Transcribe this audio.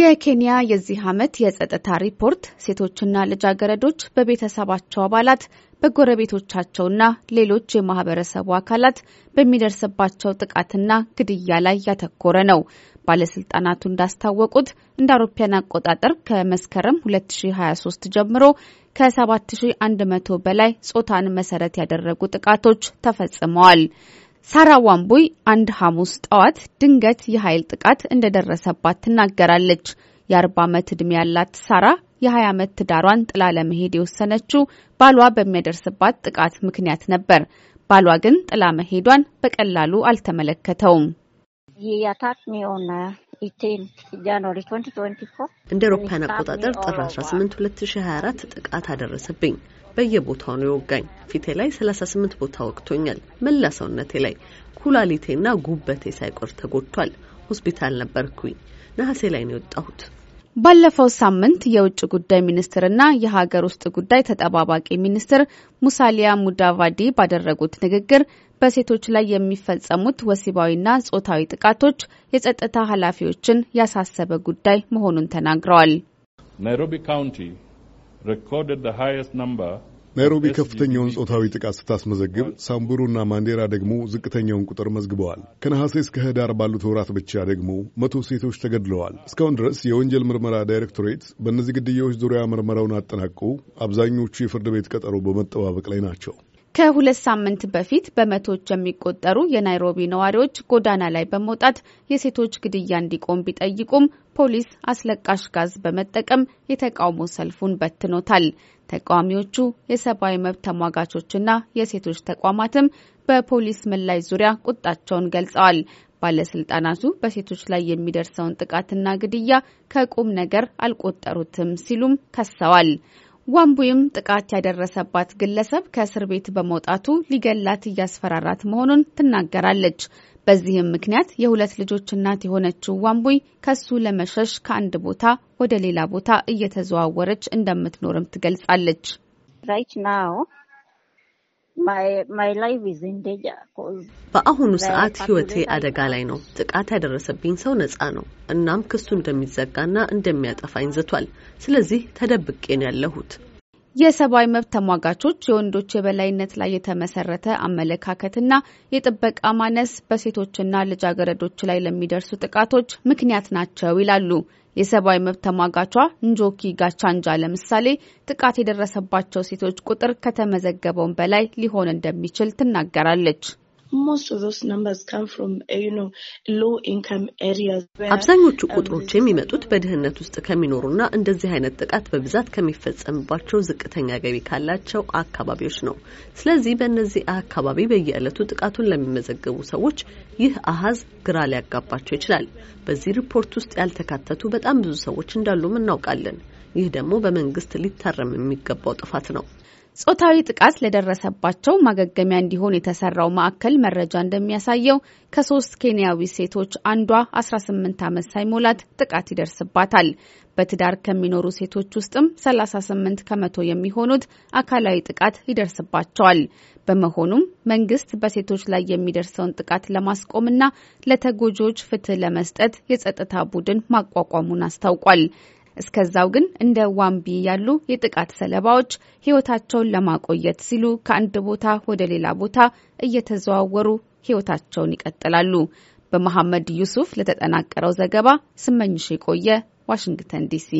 የኬንያ የዚህ ዓመት የጸጥታ ሪፖርት ሴቶችና ልጃገረዶች በቤተሰባቸው አባላት በጎረቤቶቻቸውና ሌሎች የማህበረሰቡ አካላት በሚደርስባቸው ጥቃትና ግድያ ላይ ያተኮረ ነው። ባለስልጣናቱ እንዳስታወቁት እንደ አውሮፓውያን አቆጣጠር ከመስከረም 2023 ጀምሮ ከ7100 በላይ ጾታን መሰረት ያደረጉ ጥቃቶች ተፈጽመዋል። ሳራ ዋንቡይ አንድ ሐሙስ ጠዋት ድንገት የኃይል ጥቃት እንደደረሰባት ትናገራለች። የአርባ ዓመት ዕድሜ ያላት ሳራ የ20 ዓመት ትዳሯን ጥላ ለመሄድ የወሰነችው ባሏ በሚያደርስባት ጥቃት ምክንያት ነበር። ባሏ ግን ጥላ መሄዷን በቀላሉ አልተመለከተውም። እንደ አውሮፓውያን አቆጣጠር ጥር 18 2024 ጥቃት አደረሰብኝ። በየቦታው ነው የወጋኝ። ፊቴ ላይ 38 ቦታ ወቅቶኛል። መላ ሰውነቴ ላይ ኩላሊቴና ጉበቴ ሳይቆር ተጎድቷል። ሆስፒታል ነበርኩኝ። ነሐሴ ላይ ነው የወጣሁት። ባለፈው ሳምንት የውጭ ጉዳይ ሚኒስትርና የሀገር ውስጥ ጉዳይ ተጠባባቂ ሚኒስትር ሙሳሊያ ሙዳቫዲ ባደረጉት ንግግር በሴቶች ላይ የሚፈጸሙት ወሲባዊና ጾታዊ ጥቃቶች የጸጥታ ኃላፊዎችን ያሳሰበ ጉዳይ መሆኑን ተናግረዋል። ናይሮቢ ካውንቲ ሪኮርድድ ዘ ሃይስት ናይሮቢ ከፍተኛውን ጾታዊ ጥቃት ስታስመዘግብ ሳምቡሩና ማንዴራ ደግሞ ዝቅተኛውን ቁጥር መዝግበዋል። ከነሐሴ እስከ ህዳር ባሉት ወራት ብቻ ደግሞ መቶ ሴቶች ተገድለዋል። እስካሁን ድረስ የወንጀል ምርመራ ዳይሬክቶሬት በእነዚህ ግድያዎች ዙሪያ ምርመራውን አጠናቁ። አብዛኞቹ የፍርድ ቤት ቀጠሮ በመጠባበቅ ላይ ናቸው። ከሁለት ሳምንት በፊት በመቶዎች የሚቆጠሩ የናይሮቢ ነዋሪዎች ጎዳና ላይ በመውጣት የሴቶች ግድያ እንዲቆም ቢጠይቁም ፖሊስ አስለቃሽ ጋዝ በመጠቀም የተቃውሞ ሰልፉን በትኖታል። ተቃዋሚዎቹ የሰብአዊ መብት ተሟጋቾችና የሴቶች ተቋማትም በፖሊስ ምላሽ ዙሪያ ቁጣቸውን ገልጸዋል። ባለስልጣናቱ በሴቶች ላይ የሚደርሰውን ጥቃትና ግድያ ከቁም ነገር አልቆጠሩትም ሲሉም ከሰዋል። ዋምቡይም ጥቃት ያደረሰባት ግለሰብ ከእስር ቤት በመውጣቱ ሊገላት እያስፈራራት መሆኑን ትናገራለች። በዚህም ምክንያት የሁለት ልጆች እናት የሆነችው ዋንቡይ ከሱ ለመሸሽ ከአንድ ቦታ ወደ ሌላ ቦታ እየተዘዋወረች እንደምትኖርም ትገልጻለች። በአሁኑ ሰዓት ህይወቴ አደጋ ላይ ነው። ጥቃት ያደረሰብኝ ሰው ነጻ ነው። እናም ክሱ እንደሚዘጋና እንደሚያጠፋኝ ዝቷል። ስለዚህ ተደብቄ ነው ያለሁት። የሰብአዊ መብት ተሟጋቾች የወንዶች የበላይነት ላይ የተመሰረተ አመለካከትና የጥበቃ ማነስ በሴቶችና ልጃገረዶች ላይ ለሚደርሱ ጥቃቶች ምክንያት ናቸው ይላሉ። የሰብአዊ መብት ተሟጋቿ እንጆኪ ጋቻንጃ ለምሳሌ ጥቃት የደረሰባቸው ሴቶች ቁጥር ከተመዘገበውን በላይ ሊሆን እንደሚችል ትናገራለች። most of those numbers come from, uh, you know, low income areas. አብዛኞቹ um, ቁጥሮች የሚመጡት በድህነት ውስጥ ከሚኖሩና እንደዚህ አይነት ጥቃት በብዛት ከሚፈጸምባቸው ዝቅተኛ ገቢ ካላቸው አካባቢዎች ነው። ስለዚህ በእነዚህ አካባቢ በየዕለቱ ጥቃቱን ለሚመዘገቡ ሰዎች ይህ አሀዝ ግራ ሊያጋባቸው ይችላል። በዚህ ሪፖርት ውስጥ ያልተካተቱ በጣም ብዙ ሰዎች እንዳሉም እናውቃለን። ይህ ደግሞ በመንግስት ሊታረም የሚገባው ጥፋት ነው። ጾታዊ ጥቃት ለደረሰባቸው ማገገሚያ እንዲሆን የተሰራው ማዕከል መረጃ እንደሚያሳየው ከሶስት ኬንያዊ ሴቶች አንዷ 18 ዓመት ሳይሞላት ጥቃት ይደርስባታል። በትዳር ከሚኖሩ ሴቶች ውስጥም 38 ከመቶ የሚሆኑት አካላዊ ጥቃት ይደርስባቸዋል። በመሆኑም መንግስት በሴቶች ላይ የሚደርሰውን ጥቃት ለማስቆምና ለተጎጂዎች ፍትህ ለመስጠት የጸጥታ ቡድን ማቋቋሙን አስታውቋል። እስከዛው ግን እንደ ዋምቢ ያሉ የጥቃት ሰለባዎች ሕይወታቸውን ለማቆየት ሲሉ ከአንድ ቦታ ወደ ሌላ ቦታ እየተዘዋወሩ ሕይወታቸውን ይቀጥላሉ። በመሐመድ ዩሱፍ ለተጠናቀረው ዘገባ ስመኝሽ የቆየ ዋሽንግተን ዲሲ